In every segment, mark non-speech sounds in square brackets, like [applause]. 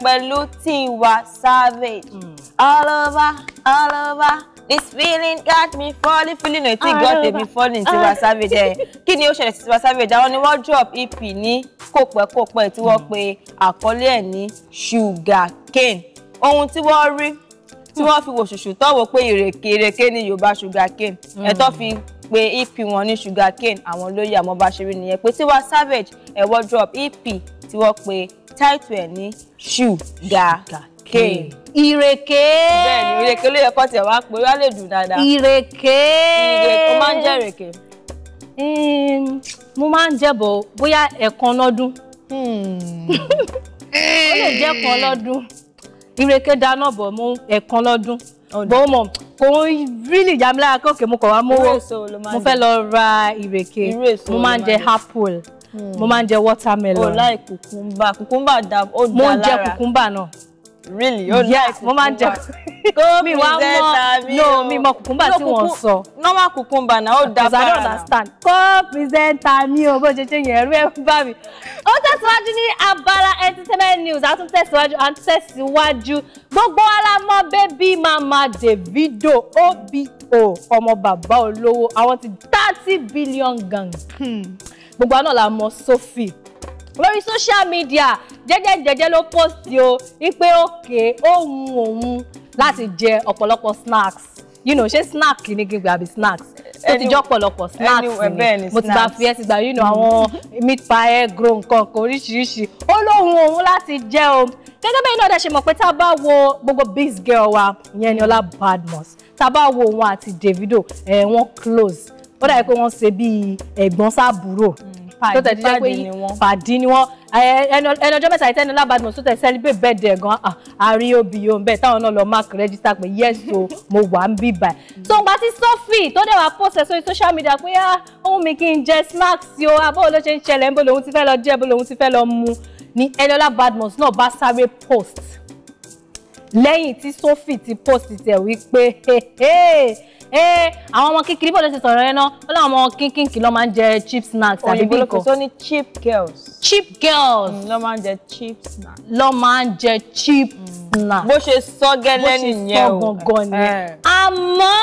bẹ̀rẹ̀ pẹ̀lú Tiwa Savage hmm. all over all over this feeling got me falling feeling náà tí got me falling Tiwa Savage ẹ̀ eh. [laughs] kí ni ó ṣẹlẹ̀ sí Tiwa Savage àwọn ni wọ́n drop EP ní kòpẹ́kòpẹ́ tí wọ́n hmm. pe àkọlé ẹ̀ ní sugar cane ohun tí wọ́n rí tí hmm. wọ́n fi wò ṣùṣù tọ́wọ́ pé ìrèké ìrèké ni Yorùbá sugar cane ẹ̀ tó fi pé EP wọn ní sugar cane àwọn lóye àmọ́ bá ṣe rí nìyẹn pé Tiwa Savage ẹ̀ wọ́n drop EP tí wọ́n pe táìtù ẹ̀ ní ṣùgàkéè ìrèké. bẹ́ẹ̀ni ìrèké ló yẹ kó tiẹ̀ wá pé wá lè dùn dáadáa. ìrèké. ìrèké ó máa ń jẹ ìrèké. Hmm, mo máa ń jẹbọ bóyá ẹ̀kan lọ́dún. Hmm. [laughs] ó lè jẹ́ kan lọ́dún ìrèké dáná bọ̀ mo ẹ̀kan lọ́dún bó mọ̀ kò ń rílì jàmílà kókè mo kàn wá mówó mo fẹ́ lọ ra ìrèké mo máa ń jẹ apple. Hmm. mo máa ń jẹ watermelon. o láì kùkúmbà kùkúmbà da ó da lára. mo ń jẹ kùkúmbà náà. really ó láì kùkúmbà. mo máa ń jẹ kó [laughs] mi wá mọ no mi mọ kùkúmbà tí wọ́n sọ. normal kùkúmbà náà ó da fara. because i don't understand. kó pírẹsẹ̀ntà mi ò bó ṣe ṣe yẹn ẹ̀rú ẹ̀rú bá mi. ó tẹ̀síwájú ní abala entertainment news àtún tẹ̀síwájú àtún tẹ̀síwájú gbogbo alamọ bébí mama Davido obo ọmọ bàbá olówó àwọn ti thirty billion gang. Hmm gbogbo àná la mọ̀ Sophie lórí social media jẹ́jẹ́jẹ́jẹ́ ló post o wípé òkè òun òun láti jẹ ọ̀pọ̀lọpọ̀ snacks you know ṣé snack ni gbígbé àbí snacks tó ti jọ ọ̀pọ̀lọpọ̀ snacks ni mo ti gba fi ẹ́ ti gba you know àwọn meat pie egg roll nǹkan kan oríṣiríṣi ó lóhun òun láti jẹ́ o gẹ́gẹ́ bẹ́ẹ̀ náà dẹ̀ ṣe mọ̀ pé tá a bá wo gbogbo biz girl wa ìyẹn ni Ọlá Badmus tá a bá wo òun àti Davido ẹ̀ wọ́n close ó dàbí pé wọ́n ṣe bíi ẹ̀gbọ́n sábúrò tó tẹ̀ jẹ́ pé pàdí ni wọ́n ẹni ọjọ́ mẹ́ta ìtẹ́ni lábàdàn tó tẹ̀ celebrate birthday gan àárí òbí yóò ń táwọn náà lọ mark register pé yes o mo wà ń bí báyìí. tó ń gba ti Sophie tó dẹ̀ wá post sórí social media pé ah ohun mi kì í jẹ snacks o abọ́ ló ṣe ń ṣẹlẹ̀ ń bọ̀ lòun ti fẹ́ lọ jẹ́ bọ̀ lòun ti fẹ́ lọ mu ni Eniola Badmus náà bá sáré post lẹ́yìn tí Sophie ti post tẹ̀ wípé ee àwọn ọmọ kékeré bọ̀ ló ti sọ̀rọ̀ yẹn náà wọ́n láwọn ọmọ kínkìnkì ló máa ń jẹ cheap snacks tàbí bí nǹkan. òyìnbó ló fi sọ ní cheap girls. cheap girls. Mm, ló máa ń jẹ cheap snacks. ló máa ń jẹ cheap mm. snacks. bó ṣe sọ gẹ́lẹ́ nìyẹn o bó ṣe sọ gangan nìyẹn. Eh. àmọ́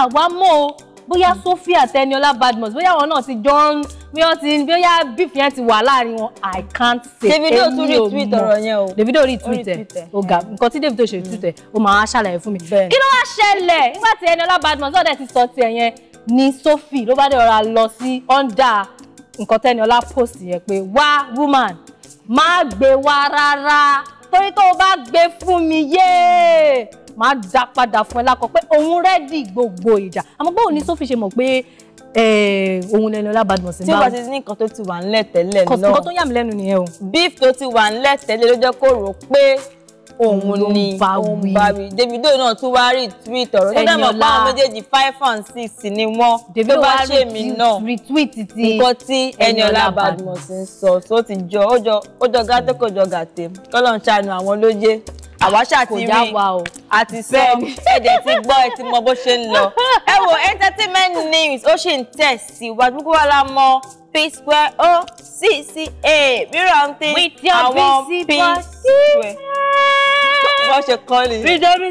àwa mọ̀ o bóyá Sophie àtẹniọlá Badmus bóyá àwọn náà ti jọ ń bí wọ́n ti bí ó yá bíf yẹn ti wà láàrin wọn i can't say Davido tún rí tweet ọ̀rọ̀ yẹn o Davido rí tweet ẹ̀ ó ga nǹkan tí Davido ṣe tweet ẹ̀ ó máa ṣàlàyé fún mi kí ló wá ṣẹlẹ̀ nígbà tí Eniola Badmus ọ̀dẹ̀ ti sọ tiẹ̀ yẹn ni Sophie ló bá dẹ̀ rọra lọ sí under nǹkan tẹ́niọlá post yẹn pé wá woman má gbé wá rárá torí tó o bá gbé fún mi yéé máa dá padà fún ẹ lákọ pé òun rẹ́dì gbogbo ìjà àmọ́ báwo ni Sophie ṣe mọ̀ pé Eh, ohun lẹnu Ọlábàdàn sí báwọn. tí wàá ti ní nǹkan tó ti wà ńlẹ̀ tẹ́lẹ̀ náà nǹkan tó yà mí lẹ́nu nìyẹn o. beef tó ti wà ńlẹ̀ tẹ́lẹ̀ ló jẹ́ kó rò pé òun ni òun bá wí Davido náà tún wá rí tweet ọ̀rọ̀ tó dàmọ̀ pa àwọn méjèèjì five and six ni wọ́n tó bá ṣe mí náà nǹkan tí Ẹniọlá Badmus ń sọ tó ti jọ ó jọ gàtẹ́ kò gàtẹ́ kọ́lọ́ ń ṣàánú àwọn lóye àwa ṣáà ti rí àti sọ ẹ̀dẹ̀ ti gbọ́ ẹ ti mọ bó ṣe ń lọ. ẹ wo entertainment news ó ṣì ń tẹ̀síwájú gbogbo wa la mọ p-square o C C cca mìíràn ń tẹ àwọn p-square bó ṣe kọ́ nìyẹn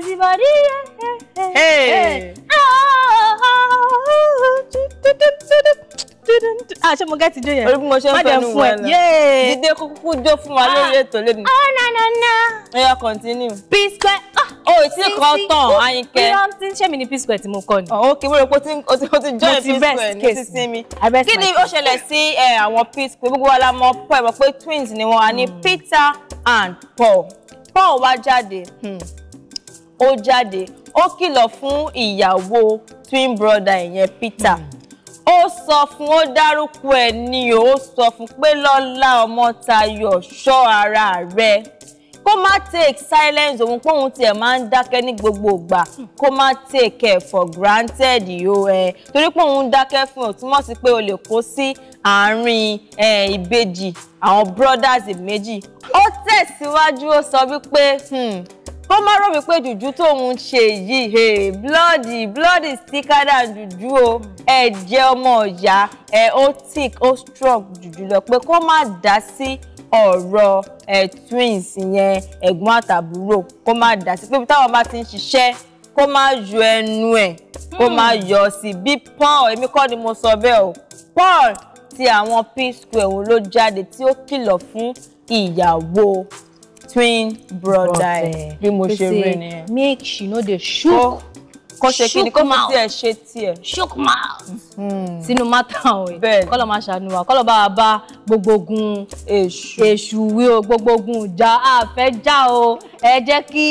ṣé mo gẹ́tì jó yẹn orí bí mo ṣe ń fẹ́ nu wọn lọ dídé kúkú jó fún wa ah. lórí ètò lẹ́nu. oh no no no. ẹyọ continue. p square ah, o ti kọ tán Àyìnkẹ́. irọ́ ti ń ṣe mí ní p square tí mo kọ ni. ọ̀hún kí wọ́n rò pé o ti join p square ní sísí mi. kí ni ó ṣẹlẹ̀ sí àwọn p square gbogbo wa la mọ̀ pọ̀ ẹ̀mọ̀ pé twins ni wọn a ní hmm. Peter and Paul Paul wá jáde hmm. ó jáde ó kìlọ̀ fún ìyàwó twin brother ìyẹn Peter. Hmm ó sọ fún ó dárúkọ ẹ̀ ni ó sọ fún pé lọ́lá ọmọtayọ̀ ṣọ́ ara rẹ̀ kó má take silence òun pé òun tiẹ̀ máa ń dákẹ́ ní gbogbo ìgbà kó má take ẹ̀ for granted o ẹ̀ torí pé òun dákẹ́ fún ò túmọ̀ sí pé o lè kó sí àárín ìbejì àwọn brothers méjì ó tẹ̀síwájú ó sọ wípé hmm, kó má rò wípé jùjú tóun ṣe yìí blọọdì blọọdì síkádà jùjú o ẹ̀jẹ̀ ọmọ ọ̀yá ẹ̀ ó thick ó strong jùjú lọ pé kó má dá sí ọ̀rọ̀ ẹ̀ twins yẹn ẹ̀gbọ́n àtàbúrò kó má dá sí pé bí táwọn bá ti ń ṣiṣẹ́ kó má yọ ẹnu ẹ̀ kó má hmm. yọ sí bí Paul èmi kọ́ ni mo sọ bẹ́ẹ̀ o Paul ti àwọn P Square òun ló jáde tí ó kìlọ̀ fún ìyàwó twin brother bí mo ṣe rí nìyẹn. make she no dey shook kò ṣe kí ni kò fi tiẹ̀ ṣe tiẹ̀. shook mouth. Hmm. sínú mátà òye bẹ́ẹ̀ kọ́lọ̀ máa ṣàánú wa kọ́lọ̀ bá wa bá gbogbo ogun èṣù èṣù wí o gbogbo ogun ìjà àfẹ́ já o ẹ jẹ́ kí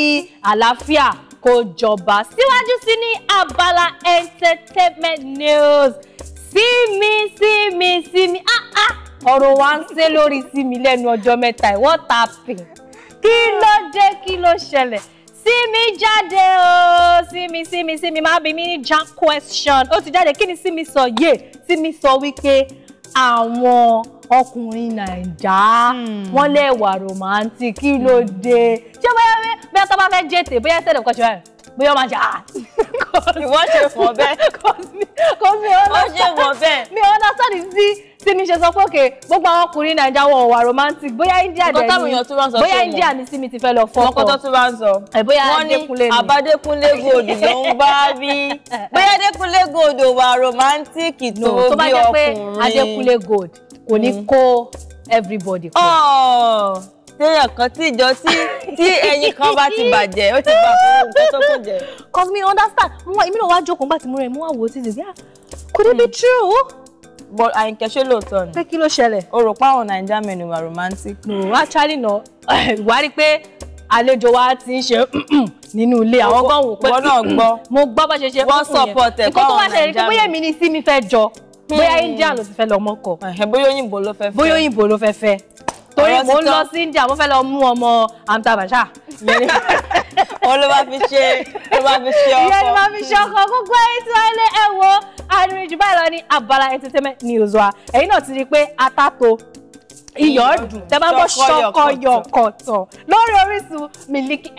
àlàáfíà kó jọba síwájú sí ní abala entertainment news sí mi sí mi sí mi ah ah ọ̀rọ̀ wa ń ṣe lórí sí mi lẹ́nu ọjọ́ mẹ́ta ìwọ́ta pè kí ló dé kí ló ṣẹlẹ̀ sí mi jáde o sí mi sí mi sí mi máa bí mi ní jam question ó ti jáde kí ni sí mi sọ yé sí mi sọ wípé àwọn ọkùnrin nàìjà hmm. wọn lẹwà romantic kí ló hmm. dé ṣé bóyá bóyá tó bá fẹ́ jètè bóyá sẹ́dọ̀ kọ́ ṣe báyìí bóyá ọmọ àjà ah! ìwọ ṣe fọ bẹ́ẹ̀ [laughs] kò sí mi ọ̀nà mi ọ̀nà sọ́ọ̀dì sí tí mi ṣe sọ pé òkè gbogbo àwọn ọkùnrin nàìjà wọn wà romantic bóyá india dẹ ni bóyá india ni sí mi ti fẹ́ lọ fọ́kọ̀ mọ́kọ́tọ́ tí wọ́n sọ wọ́n ní àbádékúnlé gold ló ń bá rí [laughs] bóyá adékúnlé gold ò wà romantic tó bí ọkùnrin tó bá jẹ́ pé adékúnlé gold kò ní mm. kó everybody kọ oh, téèyàn kan tí ìjọ tí tí ẹyin kan bá ti bàjẹ́ ó ti bá fún nǹkan tó kù jẹ. [laughs] cause me understand mo wá èmi náà wá jókòó nígbà tí mo rẹ̀ mo wá wò ó títí bí ah could it be mm. true? but àyìnkẹ́ ṣé lóòótọ́ ni. pé kí ló ṣẹlẹ̀. o rò pé àwọn naija men wà romantic. no actually no [laughs] wá rí pé àlejò wa ti ń ṣe [clears throat] nínú ilé àwọn gan wò pé wọn náà [clears throat] gbọ́ mo gbọ́ bá ṣe ṣe fún yẹn wọn support ẹ kọ́ àwọn naija men. nǹkan tó wá ṣe rí pé bóyá èmi ni sí mi fe jọ bóyá hmm. India ló ti fẹ́ lọ mọ́kọ. bóyá òyìnbó ló fẹ́ fẹ́. bóyá òyìnbó ló fẹ́ fẹ́ torí mo ń lọ sí India mo fẹ́ lọ mú ọmọ amta basha. [laughs] wọn ló bá fi ṣe ló bá fi ṣe ọkọ. ìyẹn ló fi ṣe ọkọ gbogbo ayé tí wọn lé ẹ àárín jù báyìí lọ ní abala entertainment news wa ẹ̀yin náà ti rí i pé atáto iyọ̀ tẹ́ bá bọ́ ṣọkọ lórí Orísun Miliki